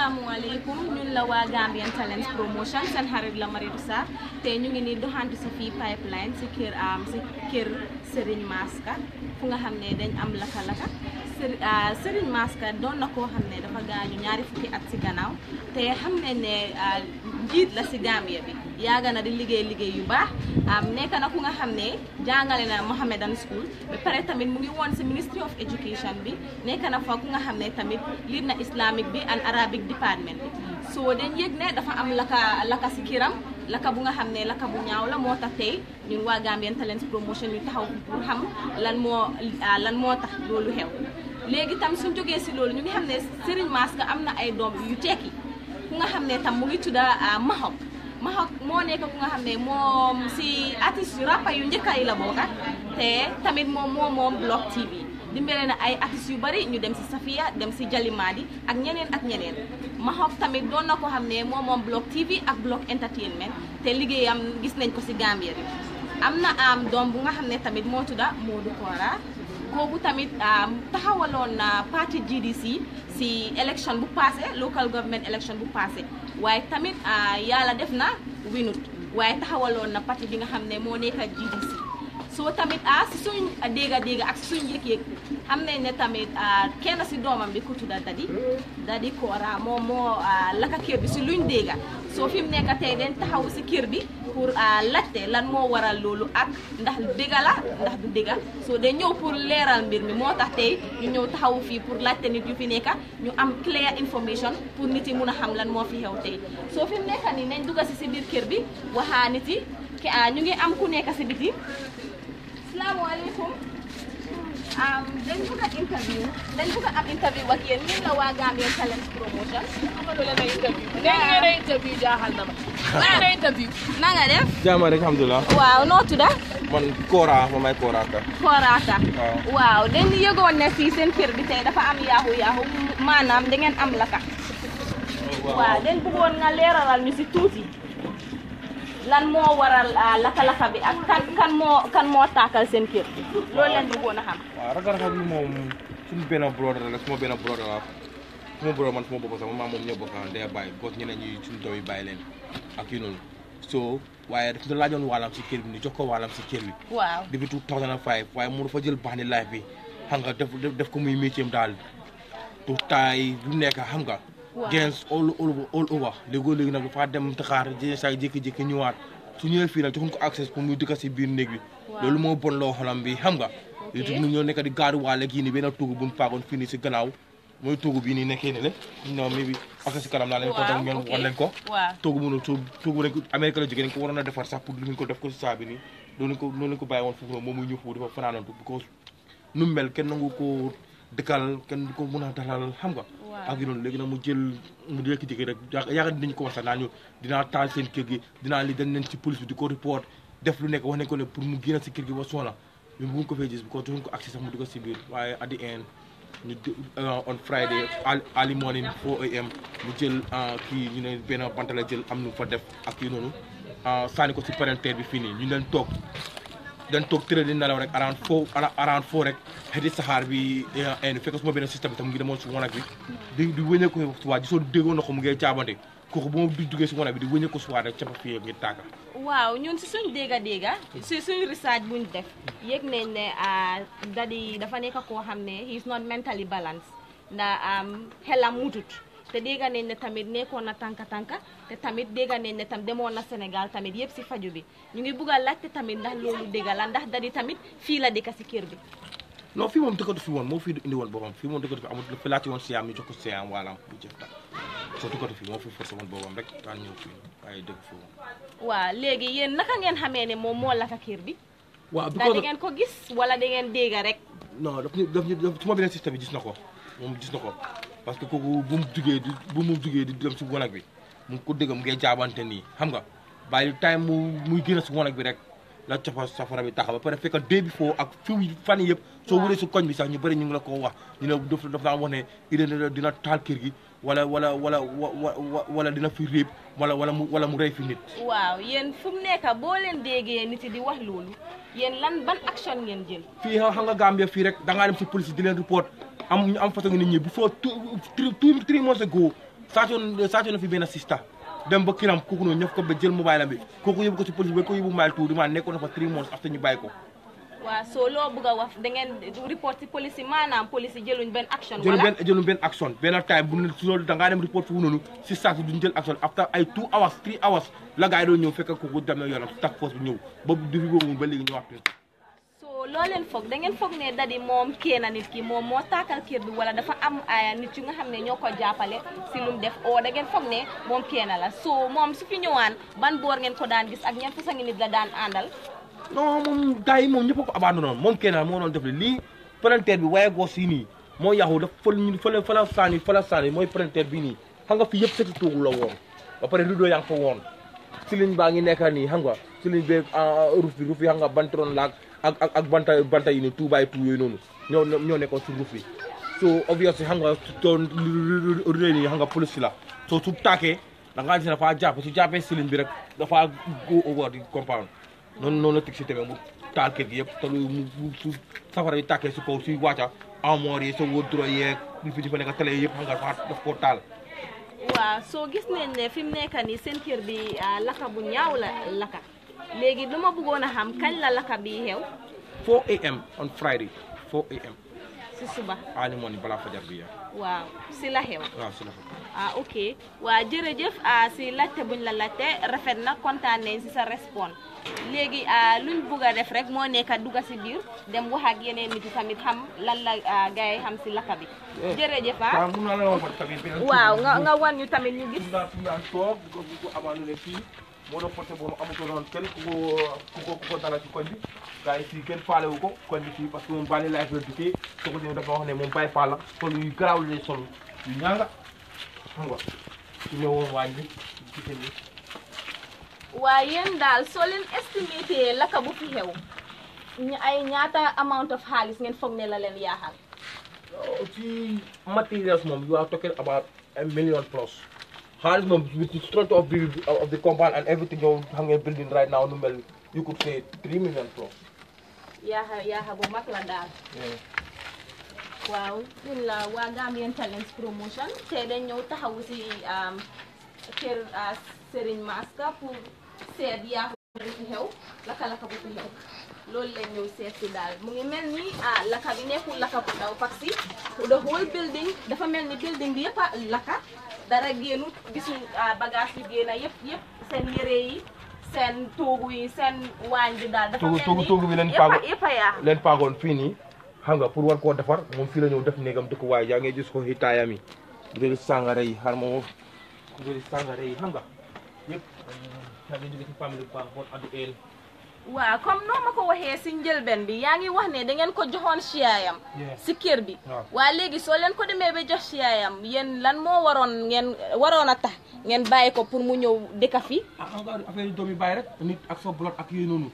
asalaamaaleykum ñun la waa Gambian Talents Promotion seen xarit la Maritou Sarr te ñu ngi nii doxantu si fii pipeline si kër am si kër Serigne Maska fu nga xam ne dañ am laka-laka Euh, Serigne Mass Ka doon na koo xam ne dafa gaañu ñaari fukki at si gannaaw te xam ne ne euh, njiit la si Gambia bi yaaga na di liggéey liggéey yu baax nekk na ku nga xam ne jàngale na Mohammedan School ba pare tamit mu ngi woon si Ministry of Education bi nekk na fa ku nga xam ne tamit liit na Islamic bi and Arabic department bi soo dañ yëg ne dafa am laka laka si kiram laka bu nga xam ne laka bu ñaaw la moo tax tey ñun waa Gambian Talents Promotion ñu taxaw pour xam lan moo euh, moo tax loolu xew léegi tam su jógee si loolu ñu ngi xam ne Serigne Maska am na ay doom yu tekki ku nga xam ne tam mu ngi tudda ah, Mahok Mahok moo nekk ku nga xam ne moom yu njëkka yi la ah. tamit moom moo moom Block TV dimbale na ay artistes yu bari ñu dem si Safia dem si Jalimaadi ak ñeneen ak ñeneen Mahok tamit doon na ko xam ne moom moom Block TV ak Block Entertainment te liggéeyam gis nañ ko si Gambia am na am doom bu nga xam ne tamit moo tudda ah, Modou kooku tamit euh, taxawaloon na parti GDC si élection bu passé local government élection bu passé waaye tamit euh, yàlla def na winut waaye taxawaloon na parti bi nga xam ne moo nekk GDC so tamit ah si suñ dégg-dégg ah, ak suñ yëg-yëg xam nañ ne tamit ah, kenn si doomam bi ku tudda Dadi Dadi Kora moom moo ah, laka kër bi si luñ dégg soo fi mu nekk tey den taxaw si kër bi pour laajte lan moo waral loolu ak ndax dëgg la ndax du dëgg soo de ñëw pour leeral mbir mi moo tax tey ñu ñëw taxawu fii pour laajte nit yu fi nekk ñu am clear information pour nit yi mun a xam lan moo fi xew tey soo fi mu nekk nii nañ duga si si biir kër bi waxaa nit yi ñu ngi am ku nekk si biti asalaamaaleykum a la waa Gambian Talents man Kora ma may Kora Ka Kora ne fii seen dafa am yaaxu yaaxu maanaam da am laka oh, waaw dañ bëggoon nga leeralal ñu tuuti lan moo a ah, lafa-lafa bi ak kan moo taakal seen kër gi loolu leen bëggoon a xam waaw ragal-ragal bi moom suñu benn brother la suma benn brother la suma brother man suma bopp sax maa moom ñoo bokk day bàyyi goos ñeneen ñi suñu doom yi bàyyi leen ak yu noonu so waaye daf da laajoon waalam si kër bi ni jox ko waalam si kër bi waaw depuis 2005 waaye mu fa jël baax ni life bi xam nga def def ko muy métier daal tout taay lu nekka xam nga gens all all over léegoo léegi nag faa dem taxaar saa jékki-jékki ñëwaat su ñëwee fii nag joxuñ ko accès pour muy dëkk si biir néeg bi loolu moo bon loo xolam bi xam nga léegi ñu ñoo nekk di gaaruwaale kii nii benn bu mu paagoon fii nii si gannaaw mooy tugg bii nii nekkee ne le non mi bi accès si kanam naa leen ko dam ngeen wan leen ko tugg mënu su ko a defar ko def ko si saa bi nii loolu ko loolu lañ ko noonu moom muy ñëw foofu dafa fanaanantu parce nu mel ko dëkkal kenn du ko mën a dalal xam nga. ak yu noonu léegi nag mu jël mu jékki-jékki rek yaakaar nañu ko wax sax naa ñu dinaa taal seen kër gi dinaa li dañ leen ci police bi di ko report def lu nekk wax nañ ko ne pour mu génn si kër gi ba soona mais bu ko fay gis ko duñ ko accès sax mu di ko si biir waaye at the end ñu euh, on Friday early morning 4 am mu jël euh, kii ñu ne benn banta la jël am nu fa def ak yu noonu euh, sànni ko si parentère bi fii nii ñu leen toog. dañ toog tërë di nelaw rek araan foo araan foo rek xëti saxaar bi en eh, eh, fekk suma benn système tam ngi demoon si wanag bi di di wëñee ko si waa gisoon déggoon na ko mu ngay jaabante kooku bu ma duggee si wanag bi di wëñee ko si waa rek capa fii ngi tàkka waaw ñun si suñ dégga dégga si suñ research buñ def yëg ne ah, dadi dafa nekk koo xam ne he is not mentally balanced ndax xelam mutut te dégg nañ ne tamit nekkoon na tànka tànka te tamit dégg nañ ne tam demoon na Sénégal tamit yëpp si faju bi ñu ngi bugg a laajte tamit ndax loolu dégg la ndax dadi tamit fii la dëkk si kër bi. non fii moom dëkkatu fi woon moo fi indi woon boppam fii moom dëkkatu fi amul fi laajte woon siyaam ñu jox ko siyaam waalaam bu jëf tax soo dëkkatu fi moo fi forcé woon boppam rek daan ñëw fii waaye dëkk fi woon. waaw léegi yéen naka ngeen xamee ne moom moo laka kër bi. waaw da ngeen ko gis wala da ngeen dégg rek. non daf ñu daf ñu suma beneen système bi gis na ko moom gis na ko parce que kooku bu mu duggee di bu mu duggee di dem si wanag bi mu ko dëggam ngay jaabante nii xam nga bàyyi time mu muy gën a si wanag bi rek la cofa safara bi taxaw ba pare fekk dee bi foo ak fi fan yëpp soo wëree si koñ bi sax ñu bëri ñu ngi la ko wax ñu ne daf daf naa wax ne Irene dina taal kër gi wala wala wala wala dina fi réeb wala mu wala mu rey fi nit waaw yéen fu mu nekk boo déggee nit di wax loolu yéen lan ban action ngeen jël fii xam nga Gambia fii rek da ngaa si police am ñu am façon nit ñi two three months ago saacoon saacoon na fi benn sista dem ba kiram kooku noonu ñëf ko ba jël mobile am bi kooku yóbbu ko si police ba ko yóbbu mobile tuuti maanaam nekkoon na three months after ñu bàyyi ko waaw soo loo bëgg a wax da police yi maanaam police yi jëluñ benn action wala jëluñ benn jëluñ benn action benn time bu ne loolu da ngaa dem report foofu noonu si saa si duñ action after ay two hours three hours la gars loo leen foog dangeen ngeen foog ne dadi moom keena nit ki moom moo taakal kër bi wala dafa am nit yu nga xam ne ñoo ko jàppale si lu def o oh, da ngeen foog ne moom keena la soo moom su fi ñëwaan ban boor ngeen ko daan gis ak ñan fasangi nit la daan àndal. non moom gars yi moom ñëpp ko abandonné woon moom keena moo doon def lii palanteer bi waaye goo si nii moo yàqu daf fël ñu fële fële saan yi fële saan mooy palanteer bi nii xam fi yëpp sëti toogu la woon ba lu doo yaa ngi woon si liñ baa ngi nekk nii xam nga si liñ beeg bi ah, ah, ruuf yi xam nga bantiroon laag ak ak banta banta yi ni tuubaay tout yooyu noonu ñoo ñoo nekkoon si ruuf bi so obviously nga toon réew yi la so su taakee da ngaa jàpp su jàppee si bi rek dafaa go over di compound noonu noonu la yëpp te su safara bi tàkkee si kaw si wàcca armoire yi sa wardrobe yeeg li fi di koo taal waaw soo gis nañ ne fi seen kër bi ah, lakka bu ñaaw la lakka léegi lu ma bëggoon a xam kañ la laka bi xew. 4 a.m. on Friday 4 a.m. si suba. aali moon balaa fajar bi yaa. waaw si la xew. ah ok waa jërëjëf ah, si laajte buñ la laajte rafet na kontaan nañ si sa response léegi ah, luñ bugg a def rek moo nekk dugga si biir dem wax ak yeneen nit yi tamit xam lan la ah, gars xam si laka bi. Eh, jërëjëf ah waaw nga wan ñu tamit ñu gis. moo doon porté boobu amatul woon kenn ku ko ku ko dalal ci koñ bi gars yi fii kenn faale wu ko koñ bi fii parce que moom Baye Laye la dikkee soo ko demee dafa wax ne moom Baye Fall sol yu ñaanga xam nga su ñëwoon waañ bi gisee nii. waaye yéen daal soo leen estimé laka amount of xaalis ngeen foog ne la leen yaaxal. Oh, ci materials, moom you are talking about a million plus. xaalis moom with the strength of the of the compound and everything you're hanging building right now nu you could say three million plus. yaaxa yaaxa bu mag la daal. waaw la Talents promotion um, uh, Maska loolu lañ ñëw seet daal mu ngi mel ni ah, lakka bi nekkul lakka bu ndaw parce que the whole building dafa mel ni building bi yëpp a lakka dara génnut gisu ah, bagage yi génn yëpp seen yére yi seen toogu yi seen waañ bi daal dafa mel ni yaa leen paagoon fii nii xam nga pour war koo defar moom fii la ñëw def néegam dëkkuwaay yaa ngi gis ko hitaayam yi butéeli sàngara yi xar moom butéeli sàngara yi xam nga yëpp yaa wa comme noo mako ko si si ben bi yaangi wax ne da ngeen ko joxone chiayam si kër bi wa léegi so leen ko demee ba jox chiayam yéen lan mo waron ngeen warona tax ngeen bayiko pour mu ñew dëkka fi ah xam affaire doomi bay rek nit ak so blot ak yooyu nonu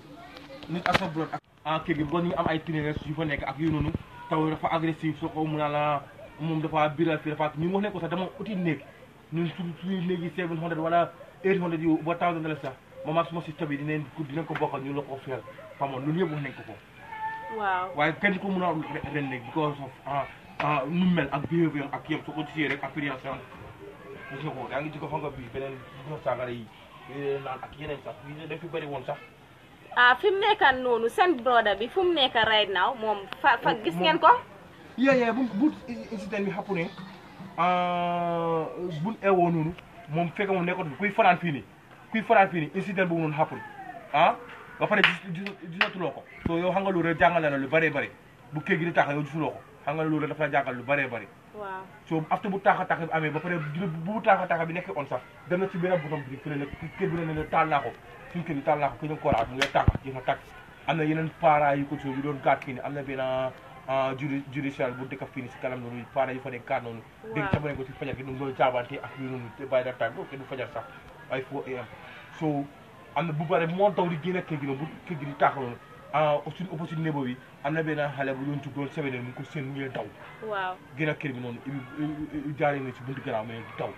nit ak so blot ak en ah, kër bi bu ñu am ay tinérés yu fa nek ak yooyu nonu taw dafa agressif so ko mu na la mom dafa biral fi dafa ñu wax ne ko sa dama outil nek ñu suñu néeg 700 wala 800 hundred yu ba thousand la sax moom ak suma si tabi dinañ dinañ ko bokkal ñu la ko feel xamoon loolu yëpp wax nañ ko ko. waaw waaye kenn ko mën a ren rek because of ah, ah, nu mel ak behavior ak yëpp soo ko gisee rek appearance am fa nga bii beneen yi naan ak yeneen sax yi dañ fi bëri woon sax. ah fi mu nekkaan noonu seen broda bi fu mu nekkaan right now moom fa fa gis ngeen ko. yeah yeah bu bu incident bi xapu ne ah, bu eewoo noonu moom fekk moom nekkoon kuy fanaan fii nii. fii fii nii incident boobu noonu xàppul ah ba pare gis gisatuloo ko so yow xam nga loolu rek jàngale na lu bëree bëri bu kii gi di tax yow gisuloo ko xam lu bëree bëri waaw so after bu taaxa ba pare bu taaxa bi nekk sax dem na si benn bouton bi fële ne kër bi ne ne taal naa ko suñu ah, judicial bu dëkk fii nii si kanam noonu parents yu fa nekk gaat noonu dégg sama ko si fajar du fajar sax ay 4 am so am na bu pare moo taw di génn kër gi noonu bu kër gi di tàqaloon ah, suñu opposite nébo bi am na benn xale bu doon tudd loolu sebene mu ngi ko seen mu ngi daw waaw génn noonu jaaree na ci buntu garaaw mais du taw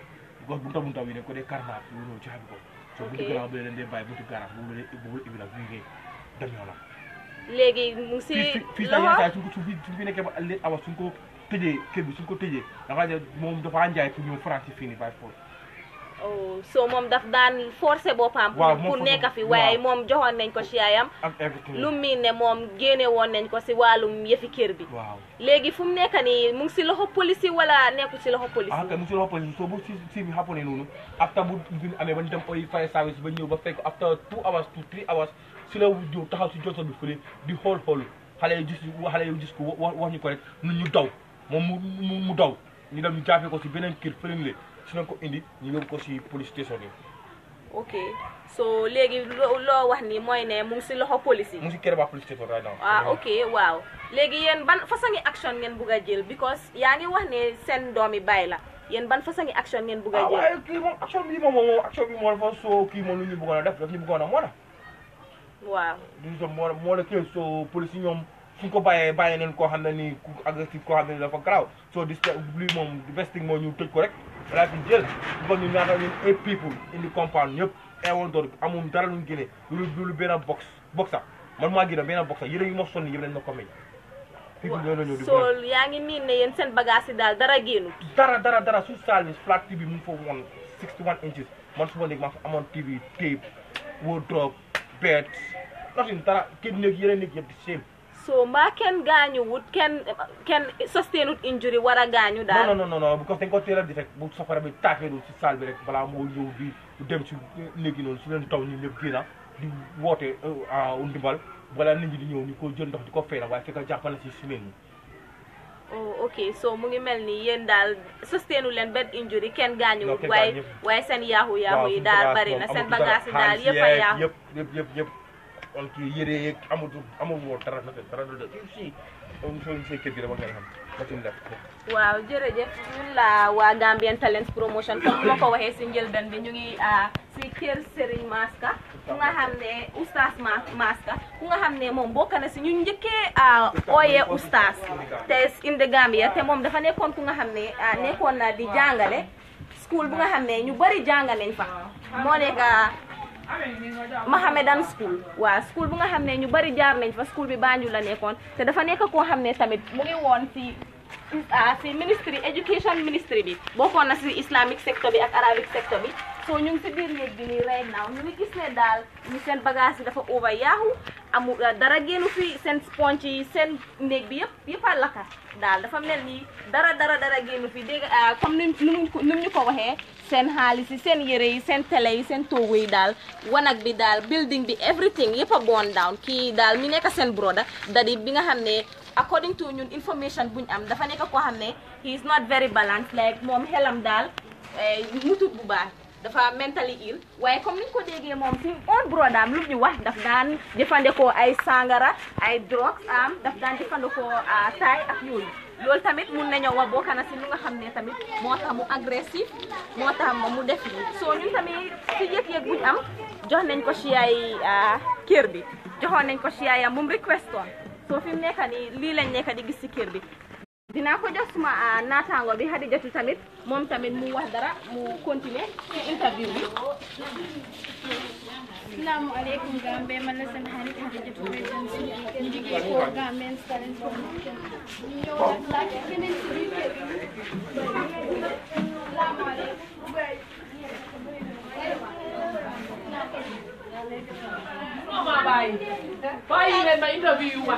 parce que ko dee karnaat bu ñëw ci xam ko so buntu garaaw bi leen dee bàyyi buntu garaaw boobu la boobu la ibi la bu ngee dem yoon la léegi mu si ko suñ suñ fi moom dafa njaay pour ñëw France fii nii by force Oh, so moom daf daan forcé boppam pour nekk fi waaye moom joxoon nañ ko si siyaayam lu mu ne moom génne woon nañ ko si wàllum yëfi kër bi léegi fu mu nekk nii mu ngi si loxo police wala nekku si loxo police ah mu si loxo police soo bu si si bi xappone noonu after bu bi amee ba dem ay fire service ba ñëw ba fekk after two hours to three hours si la jóg taxaw si joto bi fële di xool xoolu xale yi gis xale yi gis ko wax ñu ko rek nu ñu daw moom mu mu daw ñu dem jàppee ko si beneen kër fële le su nañ ko indi ñu yóbbu ko si police station bi. ok so léegi loo wax ni mooy ne mu ngi si loxo police yi. mu ngi si Kéréba police station right now. waaw ah, ok waaw léegi yéen ban façon ngi action ngeen bugg a jël because yaa ngi wax ne seen doom yi bàyyi la yéen ban façon ngi action ngeen bugg a jël. Ah, waaw kii moom action bi moom moom action bi moom dafa soo kii moom lu ñu bëggoon a def daf ñu bëggoon a mën a. waaw. moo moo soo police yi ñoom. suñ ko bàyyee bàyyi neen koo xam ni nii ku agressif koo xam ne nii dafa garaaw soo dis lui moom vesting moo ñu tëj ko rek balaa fi jël ba ñu ñaata ñun ay people indi compound ñëpp ewoon door amum dara luñ génne lu lu benn box box sax man maa génne benn box sax yére yu ma sonn yëpp lañ ma ko may waaw soo yaa ngi niin ne yéen seen bagage yi daal dara génnut dara dara dara su saal bi flat TV mu ngi fa woon sixty one inches man su ma nekk amoon TV tape wardrobe bed nothing dara kër néeg yeneen néeg so mbaa kenn gaañuwut kenn kenn sustained injury war a gaañu daal. non non non because dañ ko teel di rek bu safara bi taakeelu si saal bi rek balaa moo ñëw bi dem ci léegi noonu su leen taw ñu ñëpp génn di woote euh, ndimbal balaa nit ñi di ñëw ñu ko jël ndox di ko fay na waaye fekk jàppal na si semaine yi. oh ok so mu ngi mel ni yéen daal sustainu leen benn injury kenn gaañuwut. waaye waaye seen yaaxu yaaxu yi daal bari seen bagage daal yëpp a wala kii yére yeeg amatul amul woo dara dara dara waaw jërëjëf ñun la waa Gambian Talents Promotion comme ma waxee si njëlbeen bi ñu ngi ah, si kër Serigne Maska ku nga xam ne oustaz Maska ku nga xam ne moom bokk na si ñu njëkkee ah, ooyee oustaz te in the Gambia te moom dafa nekkoon ku nga xam ne ah, nekkoon naa di jàngale school bu nga xam ne ñu bari jàngaleñ fa Mohamedan school waaw school bu nga xam ne ñu bari jaar nañ fa school bi ñu la nekkoon te dafa nekk koo xam ne tamit mu ngi woon si ah, si ministry éducation ministry bi bokkoon na si islamique secteur bi ak arabic secteur bi soo ñu ngi si biir néeg bi nii right now ñu ngi gis ne daal ñu seen bagage yi dafa over yaaxu amul uh, dara génnu fii seen sponge yi seen néeg bi yëpp yëpp a lakka daal dafa mel ni dara dara dara génnu fii dégg uh, comme ni nu ñu ko waxee seen xaalis yi seen yére yi seen télé yi seen toogu yi daal wanag bi daal building bi everything yëpp a born down kii daal ñu nekk seen broda dadi bi nga xam ne according to ñun information buñ am dafa nekk koo xam ne he is not very balanced like moom xelam daal eh, mutut bu baax dafa mentally ill waaye comme niñ ko déggee moom si on brodaam lu ñu wax daf daan jëfandikoo ay sangara ay drogue am daf daan jëfandikoo ah, taay ak yooyu loolu tamit mun nañoo wax bokk na si lu nga xam ne tamit moo tax mu agressif moo tax mu def nii soo ñun tamit si yëg-yëg buñ am jox nañ ko si ay ah, kër bi joxoon nañ ko si ay ah, moom requestoon soo fi nekka nekk lii lañ nekk di gis si kër bi dinaa ko jox a ah, naataango bi Xadijatu tamit moom tamit mu wax dara mu continuer interview bi. asalaamaaleykum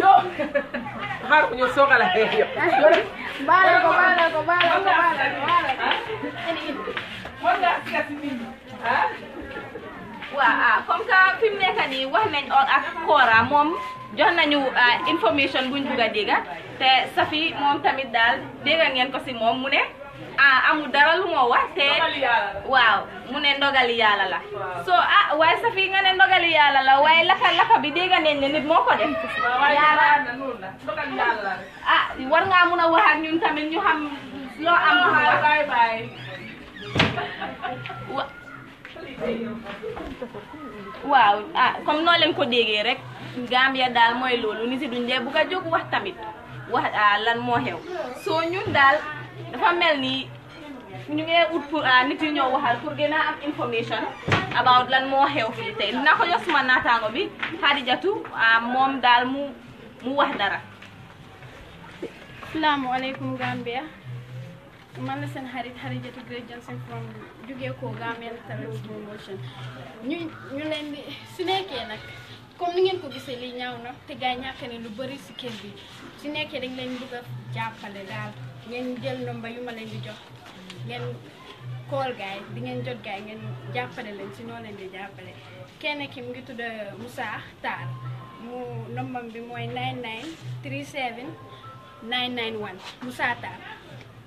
yow xaaral ko ñëw soxal a xeex yow. baale ko baale ko baale ko nañ ak Kora moom jox nañu ah, information buñ bugg a te Safi moom tamit daal dégg ngeen ko moom mu ne. ah amul dara lu moo te waaw mu ne ndogali yàlla la so ah waaye sa fi nga ne ndogali la waaye laka laka bi dégg nañ nit moo ko def ah, war ngaa mun a wax ak ñun tamit ñu xam loo am ah, bye bye waaw ah, ko déggee rek Gambia daal mooy loolu nit yi duñ dee bugg a jóg wax tamit wax lan moo xew soo ñun dafa mel ni ñu ngi ut pour ah, nit yi ñoo waxal pour gën a am information about lan moo xew fii tey dina ko jox suma naataango bi Xadijatu ah, moom daal mu mu wax dara. salaamaaleykum Gambia man na seen xarit Xadijatu Great Johnson from jugee ko Gambian Talents Promotion ñu ñu leen di su nekkee nag. comme ni ngeen ko gisee li ñaaw na te gaa ñàkk ne lu bëri si kër bi si nekkee dañ leen bëgg a jàppale daal ngeen jël nomba yu ma leen di jox ngeen kool gaay di ngeen jot gaay ngeen jàppale leen si noo leen di jàppale kenn ki mu ngi tudd euh, Moussa Tall mu nombam bi mooy 99 37 991 Moussa Tall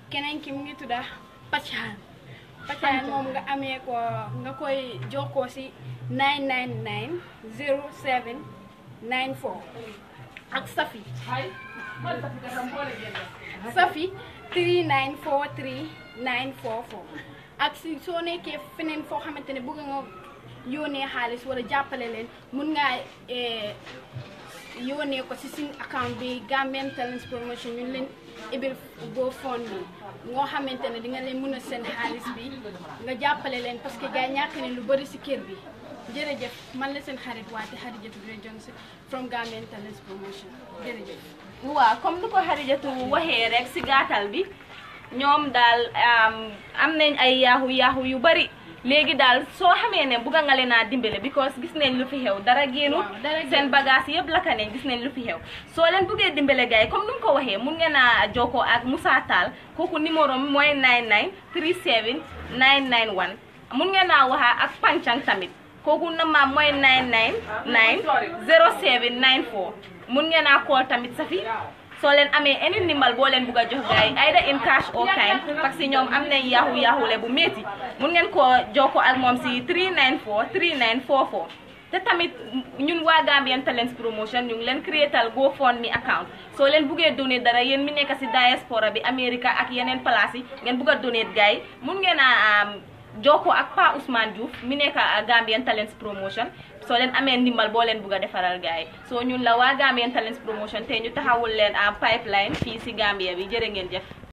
keneen ki mu ngi tudda Pachan Pachan moom nga amee ko nga koy jokkoo si 999 07 94 ak Safi Safi 3943 944 ak si soo nekkee feneen foo xamante ne bëgg nga yónnee xaalis wala jàppale leen mun ngaa eh, yónnee ko si suñu account bi Gambian Talents Promotion ñu leen ibil GoFundMe ngoo xamante ne di nga leen mun a seen xaalis bi nga jàppale leen parce que gars ñàkk ne lu bari si kër bi jërëjëf man la seen xarit waate Xadijatu Grey Johnson from Gambian Talents Promotion jërëjëf. waaw comme nu ko Xadijatu waxee rek si gàttal bi ñoom daal am nañ ay yaaxu yaaxu yu bari léegi daal soo xamee ne bugga nga leen a because gis nañ lu fi xew dara génnut seen bagage yëpp lakka ne gis nañ lu fi xew soo leen buggee dimbale gars yi comme nu mu ko waxee mun ngeen a jokkoo ak Moussa Tall kooku numéro mooy 99 37 991 mun ngeen ak Pancang tamit kooku number mooy 999 0794 mun ngeen a call tamit Safi soo leen amee any ndimbal boo leen bugg a jox gars yi either in cash or kind parce que ñoom am nañ yaaxu lee bu métti mun ngeen ko jokkoo ak moom si 394 3944 te tamit ñun waa Gambian Talents Promotion ñu ngi leen créétal GoFundMe account soo leen buggee donate dara yéen mi nekk si diaspora bi Amérique ak yeneen place yi ngeen bugg a donate gars yi mun ngeen um, jokkoo ak Pa Ousmane Diouf mu nekk a Gambian Talents Promotion soo leen amee ndimbal boo leen bugg defaral gars yi soo ñun la waa Gambian Talents Promotion te ñu taxawul leen en pipeline fii si Gambia bi jëre ngeen jëf.